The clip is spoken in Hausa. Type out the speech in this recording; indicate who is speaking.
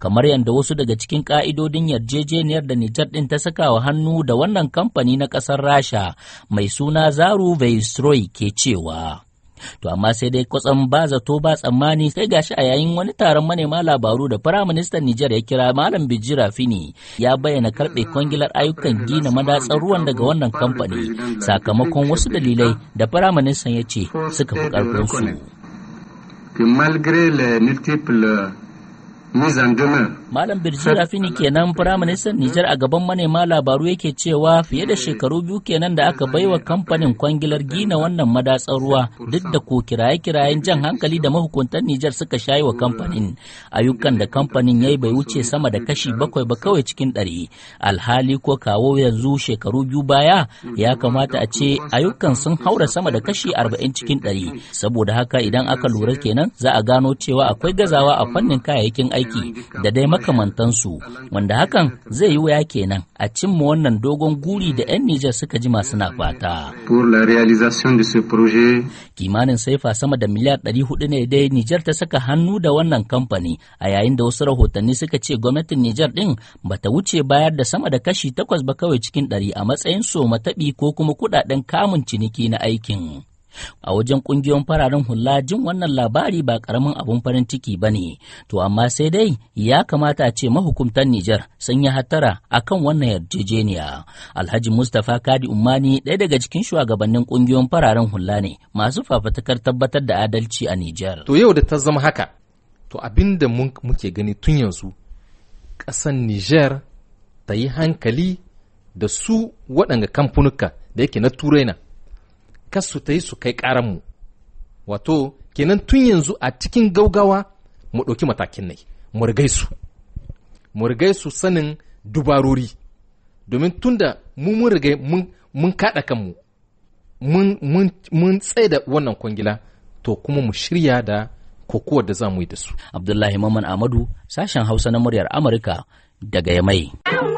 Speaker 1: kamar yadda wasu daga cikin ƙa'idodin yarjejeniyar da Nijar ɗin ta saka wa hannu da wannan kamfani na ƙasar Rasha mai suna Zaru Vaisroy ke cewa. To amma sai dai kwatsam ba zato ba tsammani sai gashi a yayin wani taron manema labaru da Firaministan Nijar ya kira Malam Bijji Rafini ya bayyana karɓe kwangilar ayyukan gina madatsar ruwan daga wannan kamfani sakamakon wasu dalilai da Firaministan ya ce suka fi
Speaker 2: ƙarfinsu. Malam
Speaker 1: Birji Rafini kenan Firaministan Nijar a gaban manema labaru yake cewa fiye da shekaru biyu kenan da aka baiwa kamfanin kwangilar gina wannan madatsar ruwa duk da ko kiraye-kirayen jan hankali da mahukuntan Nijar suka shayi wa kamfanin. Ayyukan da kamfanin ya yi bai wuce sama da kashi bakwai ba kawai cikin ɗari. Alhali ko kawo yanzu shekaru biyu baya ya kamata a ce ayyukan sun haura sama da kashi arba'in cikin ɗari. Saboda haka idan aka lura kenan za a gano cewa akwai gazawa a fannin kayayyakin aiki. aiki da dai makamantansu wanda hakan zai yi wuya kenan a cimma wannan dogon guri da 'yan Nijar suka ji masu na fata. Kimanin saifa sama da miliyar 400 ne dai Nijar ta saka hannu da wannan kamfani a yayin da wasu rahotanni suka ce gwamnatin Nijar ɗin ta wuce bayar da sama da kashi takwas ba kawai cikin ɗari a matsayin so mataɓi ko kuma kuɗaɗen kamun ciniki na aikin. A wajen kungiyoyin fararen hula jin wannan labari ba karamin abun farin ciki ba ne, to amma sai dai ya kamata a ce mahukuntan Nijar sun yi hattara a wannan yarjejeniya. Alhaji Mustapha Kadi Umani ɗaya daga cikin shugabannin kungiyoyin fararen hula ne masu fafatakar
Speaker 2: tabbatar da adalci a Nijar. To yau da ta zama haka, to abin da muke gani tun yanzu, ƙasar Nijar ta yi hankali da su waɗanga kamfunuka da yake na turai na. kas su ta yi su kai mu wato kenan tun yanzu a cikin gaugawa mu ɗauki matakin nai mu rigai su mu rigai su sanin dubarori domin tunda mu mun rigai mun kaɗa kanmu mun tsaye da wannan kwangila to kuma mu shirya da kokowar da za mu yi da su. Abdullahi Maman Amadu, sashen
Speaker 1: Hausa na muryar Amurka daga Yamai.